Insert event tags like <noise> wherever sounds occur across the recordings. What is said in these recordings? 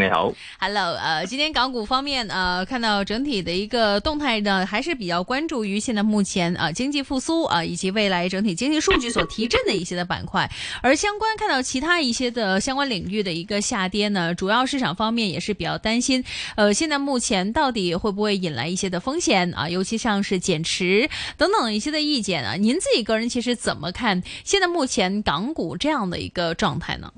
你好，Hello，呃，今天港股方面，呃，看到整體的一個動態呢，還是比較關注於現在目前啊、呃、經濟復蘇啊、呃，以及未來整體經濟數據所提振的一些的板塊，而相關看到其他一些的相關領域的一個下跌呢，主要市場方面也是比較擔心，呃，現在目前到底會不會引來一些的風險啊、呃，尤其像是減持等等一些的意見啊，您自己個人其實怎麼看現在目前港股這樣的一個狀態呢？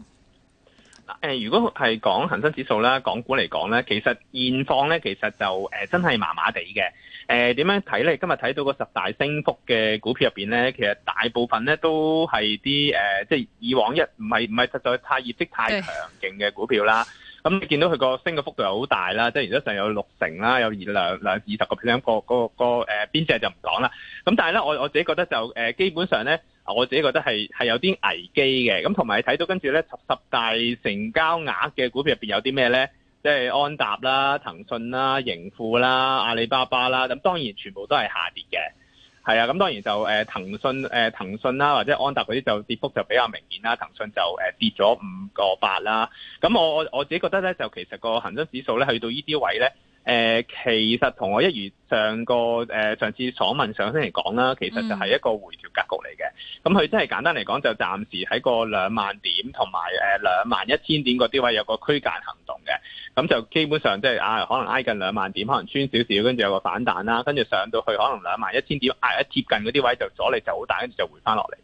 嗱，如果係講恒生指數啦，港股嚟講咧，其實現況咧，其實就誒、呃、真係麻麻地嘅。誒、呃、點樣睇咧？今日睇到個十大升幅嘅股票入面咧，其實大部分咧都係啲誒，即、呃、係、就是、以往一唔係唔係實在太業績太強勁嘅股票啦。咁你對、嗯、見到佢個升嘅幅度又好大啦，即係而家上有六成啦，有二兩二十個 percent 個、邊隻就唔講啦。咁、嗯、但係咧，我我自己覺得就誒、呃、基本上咧。我自己覺得係係有啲危機嘅，咁，同埋你睇到跟住咧十十大成交額嘅股票入邊有啲咩咧？即係安踏啦、騰訊啦、盈富啦、阿里巴巴啦。咁當然全部都係下跌嘅，係啊。咁當然就誒騰訊誒騰訊啦，或者安踏嗰啲就跌幅就比較明顯啦。騰訊就誒跌咗五個八啦。咁我我自己覺得咧，就其實個恒生指數咧去到呢啲位咧。誒、呃，其實同我一如上個誒、呃、上次所問上星期講啦，其實就係一個回調格局嚟嘅。咁佢、嗯、真係簡單嚟講，就暫時喺個兩萬點同埋誒兩萬一千點嗰啲位有個區間行動嘅。咁就基本上即、就、係、是、啊，可能挨近兩萬點，可能穿少少，跟住有個反彈啦，跟住上到去可能兩萬一千點挨一、啊、貼近嗰啲位就阻力就好大，跟住就回翻落嚟。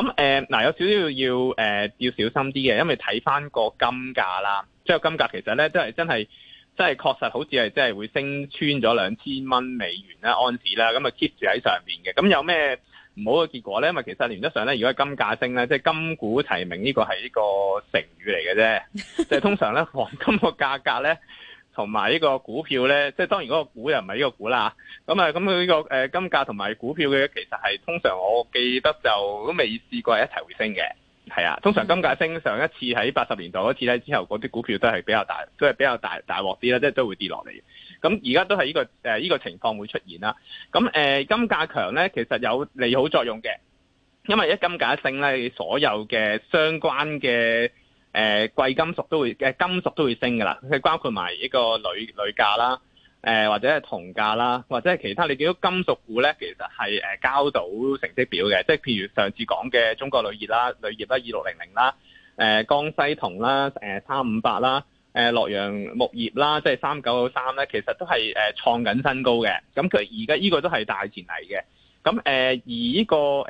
咁誒嗱，有少少要誒、呃、要小心啲嘅，因為睇翻個金價啦，即係金價其實咧真係。即係確實好似係即係會升穿咗兩千蚊美元啦、盎司啦，咁啊 keep 住喺上面嘅。咁有咩唔好嘅結果咧？因為其實原則上咧，如果金價升咧，即係金股齊鳴呢個係呢個成語嚟嘅啫。即係 <laughs> 通常咧，黃金個價格咧，同埋呢個股票咧，即係當然嗰個股又唔係呢個股啦。咁啊，咁佢呢個誒金價同埋股票嘅其實係通常我記得就都未試過一齊會升嘅。係啊，通常金價升上一次喺八十年代嗰次咧之後，嗰啲股票都係比較大，都係比較大大鑊啲啦，即係都會跌落嚟。咁而家都係呢、這個誒呢、呃這個情況會出現啦。咁、呃、金價強咧，其實有利好作用嘅，因為一金價升咧，所有嘅相關嘅誒、呃、貴金屬都會金屬都會升噶啦，佢包括埋一個女鋁價啦。誒或者係銅價啦，或者係其他。你見到金屬股咧，其實係誒交到成績表嘅，即係譬如上次講嘅中國鋁業啦、鋁業啦二六零零啦、誒江西銅啦、誒三五八啦、誒洛陽木業啦，即係三九九三咧，其實都係誒創緊新高嘅。咁佢而家呢個都係大前提嘅。咁誒而呢個誒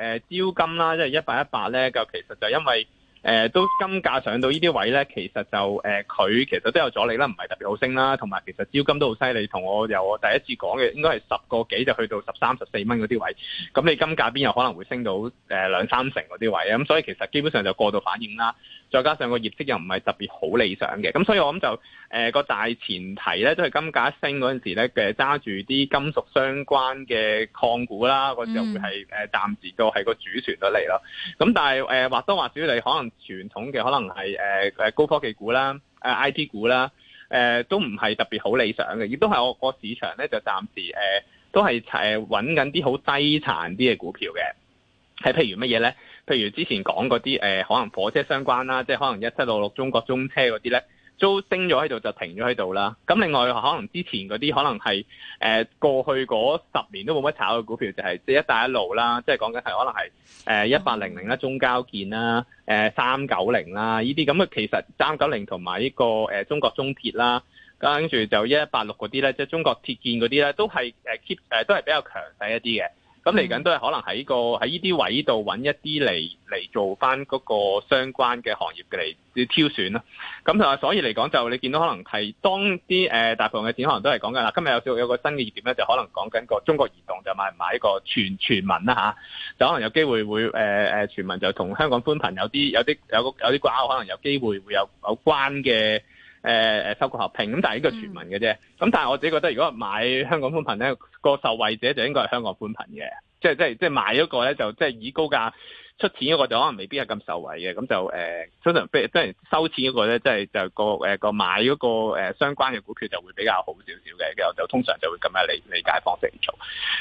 招金啦，即係一八一八咧，就其實就因為。誒、呃、都金價上到呢啲位呢，其實就誒佢、呃、其實都有阻力啦，唔係特別好升啦，同埋其實招金都好犀利，同我由我第一次講嘅應該係十個幾就去到十三、十四蚊嗰啲位，咁你金價邊有可能會升到誒兩三成嗰啲位？咁所以其實基本上就過度反應啦。再加上個業績又唔係特別好理想嘅，咁所以我諗就誒個、呃、大前提咧，都係金價一升嗰陣時咧嘅揸住啲金屬相關嘅礦股啦，嗰時候就會係誒、呃、暫時個係個主旋律嚟咯。咁但係誒或多或少你可能傳統嘅可能係誒誒高科技股啦、誒 I T 股啦，誒都唔係特別好理想嘅，亦都係我個市場咧就暫時誒、呃、都係誒揾緊啲好低殘啲嘅股票嘅，係譬如乜嘢咧？譬如之前講嗰啲誒，可能火車相關啦，即係可能一七六六中國中車嗰啲咧，都升咗喺度就停咗喺度啦。咁另外可能之前嗰啲可能係誒過去嗰十年都冇乜炒嘅股票，就係即係一帶一路啦，即係講緊係可能係誒一八零零啦、中交建啦、誒三九零啦呢啲。咁啊，其實三九零同埋呢個中國中鐵啦，跟住就一八六嗰啲咧，即係中國鐵建嗰啲咧，都係 keep 都係比較強勢一啲嘅。咁嚟緊都係可能喺個喺呢啲位度揾一啲嚟嚟做翻嗰個相關嘅行業嘅嚟要挑選啦。咁就所以嚟講，就你見到可能係當啲誒大部分嘅展可能都係講緊啦。今日有少有個新嘅熱點咧，就可能講緊個中國移動就買唔買呢個全全民啦嚇、啊，就可能有機會會誒、呃、全民就同香港寬頻有啲有啲有個有啲掛鈎，可能有機會會有有關嘅。誒誒收購合併，咁但係呢個傳聞嘅啫。咁、嗯、但係我自己覺得，如果買香港寬頻咧，個受惠者就應該係香港寬頻嘅。即係即係即係買嗰個咧，就即、是、係、就是就是、以高價出錢嗰個就可能未必係咁受惠嘅。咁就誒、呃、通常即、就是、收錢嗰個咧，即係就個、是、誒買嗰個相關嘅股票，就會比較好少少嘅。就就通常就會咁樣理理解方式做。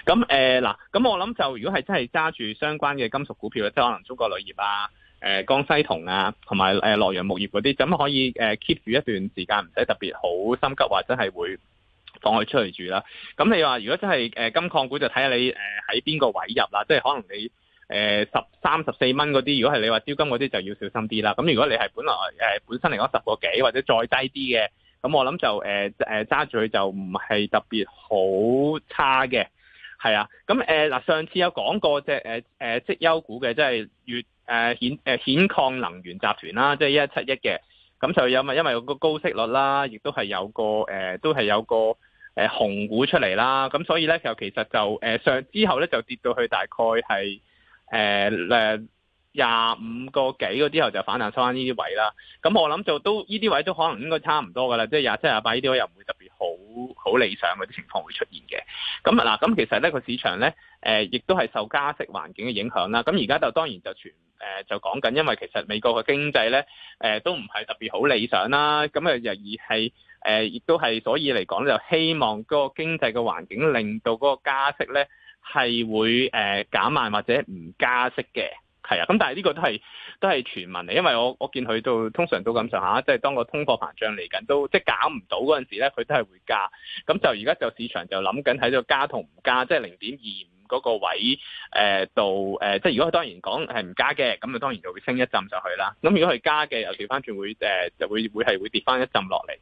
咁誒嗱，咁、呃、我諗就如果係真係揸住相關嘅金屬股票咧，即係可能中國鋁業啊。誒江西銅啊，同埋誒洛陽木業嗰啲，咁可以 keep 住一段時間，唔使特別好心急或者係會放佢出去住啦。咁你話如果真係金礦股，就睇下你喺邊個位入啦。即係可能你誒十三十四蚊嗰啲，如果係你話招金嗰啲，就要小心啲啦。咁如果你係本來本身嚟講十個幾或者再低啲嘅，咁我諗就誒揸住佢就唔係特別好差嘅。係啊，咁誒嗱，上次有講過即係誒誒績優股嘅，即係越誒顯誒、啊、顯礦能源集團啦，即係一一七一嘅，咁就有咪因為有個高息率啦，亦都係有個誒、啊，都係有個誒、啊、紅股出嚟啦，咁所以咧就其實就誒、啊、上之後咧就跌到去大概係誒誒。啊啊廿五個幾嗰，之後就反彈收翻呢啲位啦，咁我諗就都呢啲位都可能應該差唔多噶啦，即係廿七、廿八呢啲位又唔會特別好好理想嗰啲情況會出現嘅。咁嗱，咁其實呢個市場呢，誒亦都係受加息環境嘅影響啦。咁而家就當然就全誒、呃、就講緊，因為其實美國嘅經濟呢，誒、呃、都唔係特別好理想啦。咁、呃、啊而係誒亦都係所以嚟講呢就希望嗰個經濟嘅環境令到嗰個加息呢，係會誒、呃、減慢或者唔加息嘅。係啊，咁但係呢個都係都係傳聞嚟，因為我我見佢都通常都咁上下，即、啊、係、就是、當個通貨膨脹嚟緊都即係搞唔到嗰陣時咧，佢都係會加。咁、嗯、就而家就市場就諗緊喺度加同唔加，即係零點二五。嗰個位誒度誒，即係如果佢當然講係唔加嘅，咁就當然就會升一浸上去啦。咁如果佢加嘅，又調翻轉會誒、呃，就會會係會跌翻一浸落嚟。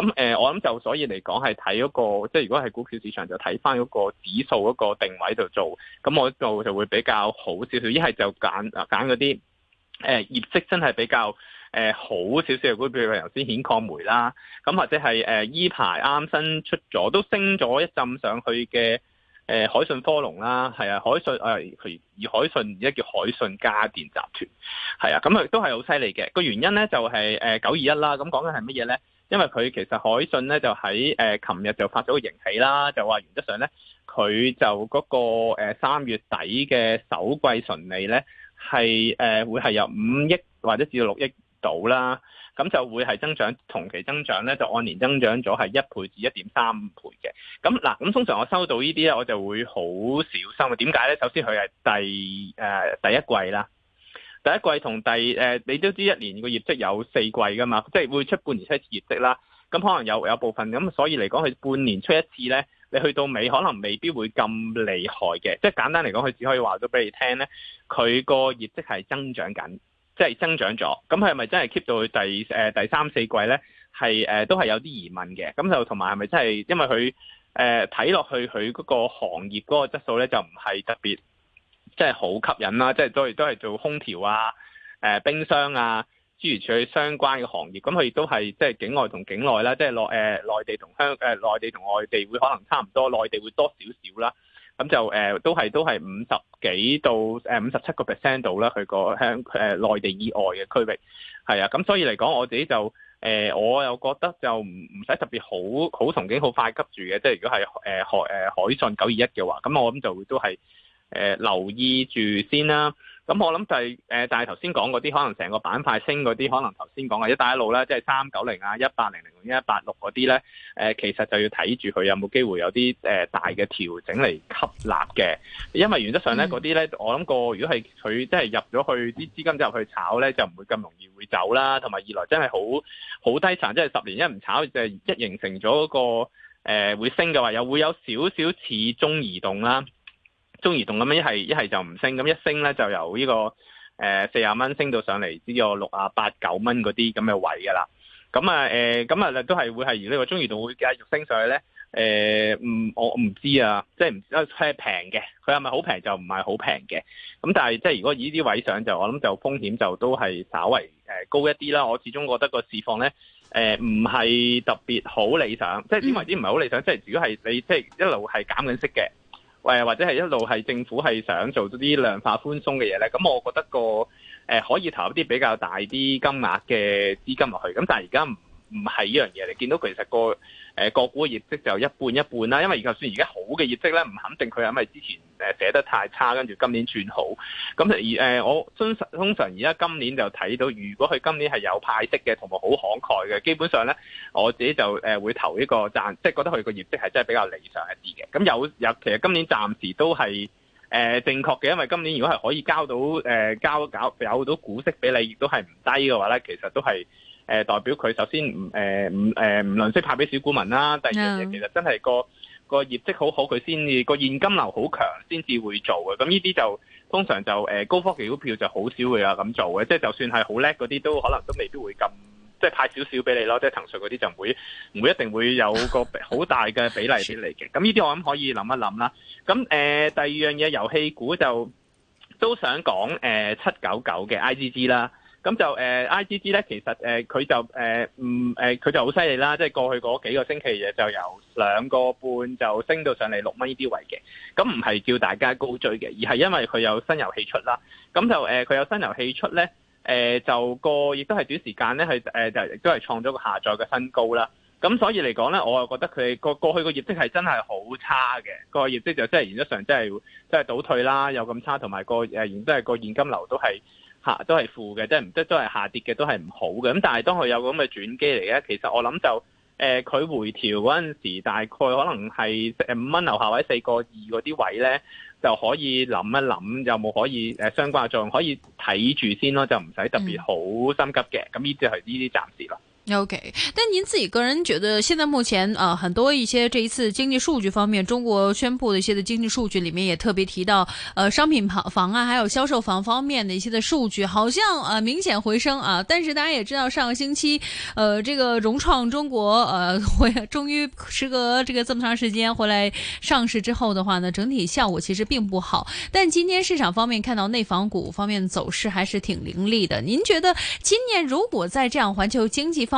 咁誒、呃，我諗就所以嚟講係睇嗰個，即係如果係股票市，市場就睇翻嗰個指數嗰個定位度做。咁我做就，就會比較好少少，一係就揀揀嗰啲誒業績真係比較誒好少少嘅股票，譬如頭先顯礦煤啦，咁或者係誒、呃、依排啱新出咗都升咗一浸上去嘅。海信科龍啦，係啊，海信誒，佢而海信而家叫海信家電集團，係啊，咁啊都係好犀利嘅。個原因咧就係誒九二一啦，咁講緊係乜嘢咧？因為佢其實海信咧就喺誒琴日就發咗個盈喜啦，就話原則上咧佢就嗰個三月底嘅首季純利咧係誒會係由五億或者至到六億。到啦，咁就會係增長，同期增長咧就按年增長咗係一倍至一點三五倍嘅。咁嗱，咁通常我收到呢啲咧，我就會好小心。點解咧？首先佢係第誒、呃、第一季啦，第一季同第誒、呃、你都知一年個業績有四季噶嘛，即係會出半年，半年出一次業績啦。咁可能有有部分咁，所以嚟講佢半年出一次咧，你去到尾可能未必會咁厲害嘅。即係簡單嚟講，佢只可以話到俾你聽咧，佢個業績係增長緊。即係增長咗，咁佢係咪真係 keep 到第誒第三四季咧？係誒都係有啲疑問嘅。咁就同埋係咪真係因為佢誒睇落去佢嗰個行業嗰個質素咧，就唔係特別即係好吸引啦。即係都係都係做空調啊、誒、呃、冰箱啊、諸如此類相關嘅行業。咁佢亦都係即係境外同境內啦，即係內誒內地同香誒內地同外地會可能差唔多，內地會多少少啦。咁就誒、呃、都係都係五十幾到誒五十七個 percent 度啦，佢個向誒內地以外嘅區域係啊，咁所以嚟講我自己就誒、呃、我又覺得就唔唔使特別好好憧憬好快急住嘅，即係如果係、呃、海誒、呃、海信九二一嘅話，咁我諗就都係誒、呃、留意住先啦。咁、嗯、我諗就誒、是、但係頭先講嗰啲，可能成個板塊升嗰啲，可能頭先講嘅一帶一路啦，即係三九零啊、一八零零、一八六嗰啲咧，其實就要睇住佢有冇機會有啲、呃、大嘅調整嚟吸納嘅，因為原則上咧嗰啲咧，我諗過如果係佢即係入咗去啲資金之後去炒咧，就唔會咁容易會走啦。同埋二來真係好好低殘，即係十年一唔炒就一形成咗、嗰個、呃、會升嘅話，又會有少少始終移動啦。中移動咁樣一係一係就唔升，咁一升咧就由呢、呢個誒四啊蚊升到上嚟呢個六啊八九蚊嗰啲咁嘅位噶啦。咁啊誒，咁、呃、啊都係會係而呢個中移動會繼續升上去咧。誒、呃，唔我唔知啊，即係唔知，係平嘅，佢係咪好平就唔係好平嘅。咁但係即係如果呢啲位上就我諗就風險就都係稍為高一啲啦。我始終覺得個市況咧誒唔係特別好理想，即係點為之唔係好理想？嗯、即係如果係你即係一路係減緊息嘅。誒或者係一路係政府係想做啲量化寬鬆嘅嘢咧，咁我覺得個誒、呃、可以投入啲比較大啲金額嘅資金落去，咁但係而家唔唔係呢樣嘢。你見到其實個誒、呃、個股嘅業績就一半一半啦，因為而就算而家好嘅業績咧，唔肯定佢係咪之前。誒寫得太差，跟住今年轉好，咁而我通常通常而家今年就睇到，如果佢今年係有派息嘅，同埋好慷慨嘅，基本上咧，我自己就誒會投呢個贊，即係覺得佢個業績係真係比較理想一啲嘅。咁有有其實今年暫時都係誒正確嘅，因為今年如果係可以交到誒交搞有到股息俾你，亦都係唔低嘅話咧，其實都係代表佢首先唔誒唔誒唔吝嗇派俾小股民啦。第二樣嘢 Yeah. 其實真係個。個業績好好，佢先至個現金流好強，先至會做嘅。咁呢啲就通常就高科技股票就好少會有咁做嘅，即係就算係好叻嗰啲，都可能都未必會咁，即係派少少俾你咯。即係騰訊嗰啲就唔會唔會一定會有個好大嘅比例俾你嘅。咁呢啲我諗可以諗一諗啦。咁誒、呃、第二樣嘢遊戲股就都想講誒七九九嘅 IGG 啦。咁就誒，IGG 咧，其實誒佢就誒唔誒，佢、嗯、就好犀利啦！即、就、係、是、過去嗰幾個星期嘢，就由兩個半就升到上嚟六蚊呢啲位嘅。咁唔係叫大家高追嘅，而係因為佢有新遊戲出啦。咁就誒，佢有新遊戲出咧，誒、呃、就個亦都係短時間咧佢誒，就亦都係創咗個下載嘅新高啦。咁所以嚟講咧，我就覺得佢過去個業績係真係好差嘅，個業績就真係原則上真、就、係、是就是、倒退啦，有咁差，同埋、那個誒亦都係個現金流都係。都係負嘅，即係唔即都係下跌嘅，都係唔好嘅。咁但係當佢有咁嘅轉機嚟嘅，其實我諗就誒佢、呃、回調嗰陣時，大概可能係誒五蚊樓下或者四個二嗰啲位咧，就可以諗一諗有冇可以誒相關嘅作用，可以睇住先咯，就唔使特別好心急嘅。咁呢啲係呢啲暫時咯。OK，但您自己個人覺得，現在目前啊，很多一些這一次經濟數據方面，中國宣布的一些的經濟數據裏面也特別提到，呃，商品房房啊，還有銷售房方面的一些的數據，好像呃、啊、明顯回升啊。但是大家也知道，上個星期，呃，這個融創中國，呃，回終於時隔這個這麼長時間回來上市之後的話呢，整體效果其實並不好。但今天市場方面看到內房股方面走勢還是挺凌厲的。您覺得今年如果在這樣環球經濟方，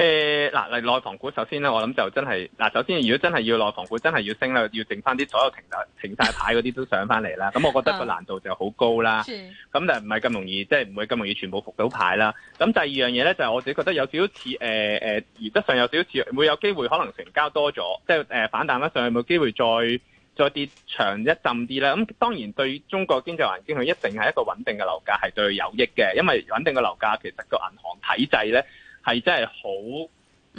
誒嗱，嚟、呃、內房股首先咧，我諗就真係嗱，首先如果真係要內房股真係要升啦，要剩翻啲所有停曬停曬牌嗰啲都上翻嚟啦。咁我覺得個難度就好高啦。咁 <laughs> 就唔係咁容易，即係唔會咁容易全部復到牌啦。咁第二樣嘢咧，就係、我自己覺得有少少似誒誒，原、呃、則、呃、上有少少似會有機會可能成交多咗，即係誒反彈得上去，冇機會再再跌長一浸啲咧。咁當然對中國經濟環境佢一定係一個穩定嘅樓價係對有益嘅，因為穩定嘅樓價其實個銀行體制咧。係真係好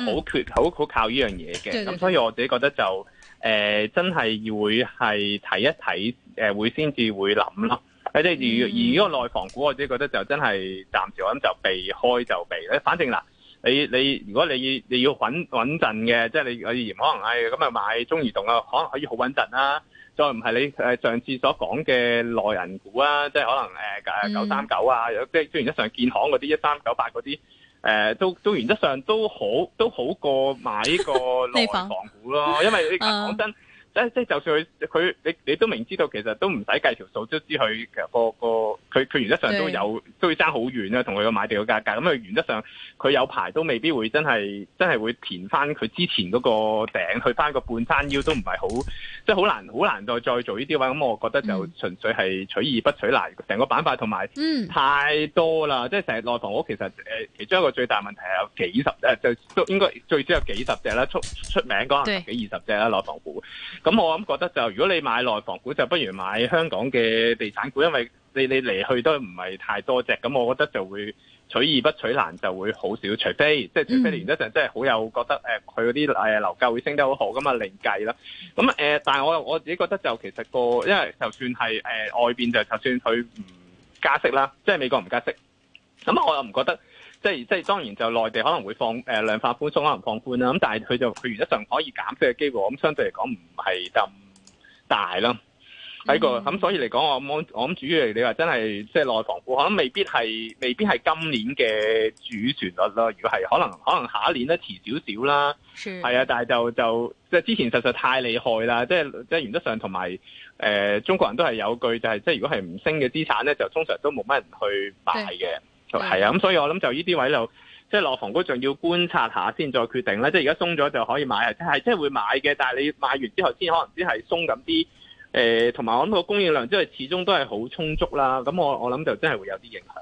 好缺好好靠呢樣嘢嘅，咁、嗯、所以我自己覺得就誒、呃、真係會係睇一睇誒、呃、會先至會諗咯。即係、嗯、而而依個內房股，我自己覺得就真係暫時我諗就避開就避咧。反正嗱，你你如果你你要穩穩陣嘅，即係你我以前可能誒咁啊買中移動啊，可能可以好穩陣啦、啊。再唔係你上次所講嘅內銀股啊，即係可能誒九三九啊，即係雖然一上建行嗰啲一三九八嗰啲。誒、呃、都都原則上都好都好過買一個內，內房股囉。 <laughs> 因為你講真。 <laughs> 啊即就算佢佢你你都明知道，其實都唔使計條數，都知佢其實個個佢佢原則上都有對都會差好遠啦，同佢嘅買地嘅價格。咁佢原則上佢有排都未必會真係真係會填翻佢之前嗰個頂，去翻個半山腰都唔係好即係好難好難再再做呢啲位。咁我覺得就純粹係取易不取難，成、嗯、個板塊同埋太多啦。嗯、即係成內房股，其實其中一個最大問題係有幾十就都應該最少有幾十隻啦，出出名嗰幾二十隻啦對內房股。咁我諗覺得就，如果你買內房股就不如買香港嘅地產股，因為你你嚟去都唔係太多隻，咁我覺得就會取易不取難就會好少，除非即係、即係、除非你一陣即係真係好有覺得誒，佢嗰啲誒樓價會升得好好咁啊，另計啦。咁誒，但係我我自己覺得就其實個，因為就算係誒外邊就就算佢唔加息啦，即係美國唔加息，咁我又唔覺得。即係即係當然就內地可能會放誒、呃、量化寬鬆可能放寬啦，咁但係佢就佢原則上可以減息嘅機會，咁、嗯、相對嚟講唔係咁大啦。喺個個咁、mm hmm. 所以嚟講，我我諗主要你話真係即係內房股，可能未必係未必係今年嘅主旋律啦。如果係可能可能下一年咧遲少少啦，係啊的，但係就就即係之前實在太厲害啦，即係即係原則上同埋誒中國人都係有句就係、是、即係如果係唔升嘅資產咧，就通常都冇乜人去買嘅。係啊，咁所以我諗就呢啲位就即係落房股，仲要觀察下先再決定啦。即係而家鬆咗就可以買，即係即係會買嘅。但係你買完之後，先可能只係鬆緊啲。誒、呃，同埋我諗個供應量，即係始終都係好充足啦。咁我我諗就真係會有啲影響。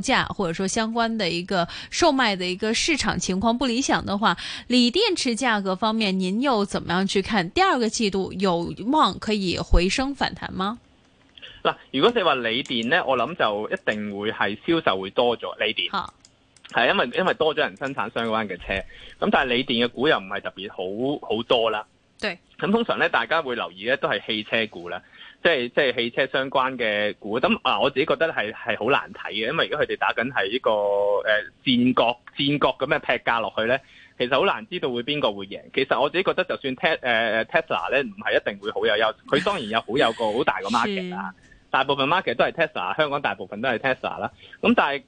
價或者說相關的一個售賣的一個市場情況不理想的話，鋰電池價格方面您又怎麼樣去看？第二個季度有望可以回升反彈嗎？嗱，如果你話鋰電呢，我諗就一定會係銷售會多咗鋰電，係好因為因為多咗人生產相關嘅車，咁但係鋰電嘅股又唔係特別好好多啦。對，咁通常咧大家會留意咧都係汽車股啦。即係即係汽車相關嘅股，咁啊我自己覺得係係好難睇嘅，因為如果佢哋打緊係一個誒、呃、戰國戰國咁嘅劈價落去咧，其實好難知道會邊個會贏。其實我自己覺得，就算 Tesla 咧唔係一定會好有優，佢當然有好有個好大個 market 啦。是大部分 market 都係 Tesla，香港大部分都係 Tesla 啦。咁但係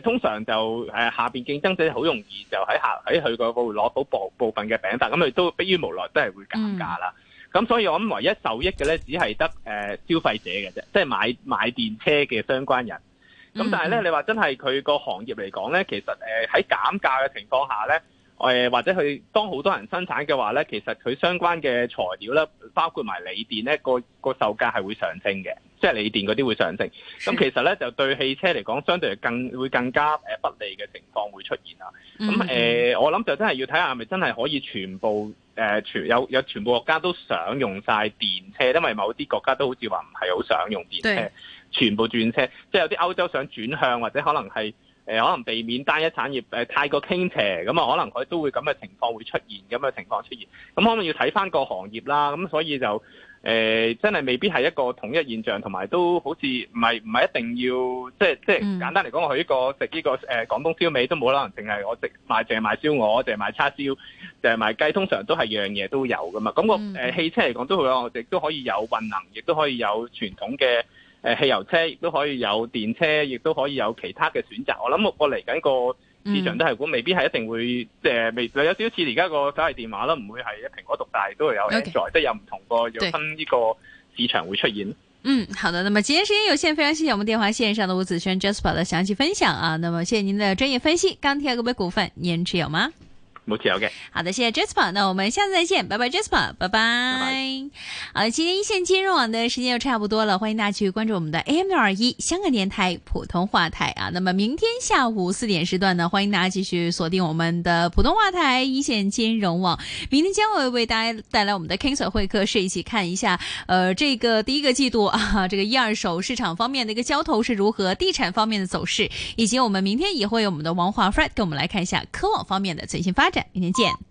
誒通常就誒下邊競爭者好容易就喺下喺佢個度攞到部部分嘅餅，但咁佢都迫於無奈都係會減價啦。嗯咁所以我諗唯一受益嘅咧，只係得誒、呃、消費者嘅啫，即係買買電車嘅相關人。咁、mm hmm. 但係咧，你話真係佢個行業嚟講咧，其實誒喺、呃、減價嘅情況下咧、呃，或者佢當好多人生產嘅話咧，其實佢相關嘅材料咧，包括埋鋰電咧，個個售價係會上升嘅，即係鋰電嗰啲會上升。咁 <laughs> 其實咧就對汽車嚟講，相對嚟更會更加不利嘅情況會出現啦、啊。咁誒、mm hmm. 嗯呃，我諗就真係要睇下係咪真係可以全部。誒全、呃、有有全部國家都想用晒電車，因為某啲國家都好似話唔係好想用電車，對全部轉車，即係有啲歐洲想轉向，或者可能係、呃、可能避免單一產業、呃、太過傾斜，咁啊可能佢都會咁嘅情況會出現咁嘅情況出現，咁可能要睇返個行業啦，咁所以就。誒、呃、真係未必係一個統一現象，同埋都好似唔係唔係一定要，即係即係簡單嚟講，我係、這、呢個食呢、這個誒、呃、廣東燒味都冇可能，淨係我食賣淨係賣燒鵝，淨係賣叉燒，淨係賣雞，通常都係樣嘢都有噶嘛。咁、那個、嗯呃、汽車嚟講都好啊，我哋都可以有混能，亦都可以有傳統嘅、呃、汽油車，亦都可以有電車，亦都可以有其他嘅選擇。我諗我我嚟緊個。嗯、市場都係估，未必係一定會，誒、呃，未有有少似而家個手提電話啦，唔會係一蘋果獨大，都會有在 Okay,，即係有唔同個有分呢個市場會出現。對嗯，好的，那麼今天時間有限，非常謝謝我們電話線上的吳子軒 Jasper 的詳細分享啊，那麼謝謝您的專業分析，鋼鐵股份您持有嗎？冇錯，OK。好的，謝謝 Jasper，那我們下次再見，拜拜，Jasper，拜拜。拜拜。好，今天一線金融網的時間又差不多了，歡迎大家繼續關注我們的 AM 六二一香港電台普通話台啊。那麼明天下午四點時段呢，歡迎大家繼續鎖定我們的普通話台一線金融網。明天將會為大家帶來我們的 King Sir 會客室，一起看一下呃這個第一個季度啊這個一二手市場方面的一個交投是如何，地產方面的走勢，以及我們明天也會有我們的王華 Fred 跟我們來看一下科網方面的最新發展。明天見。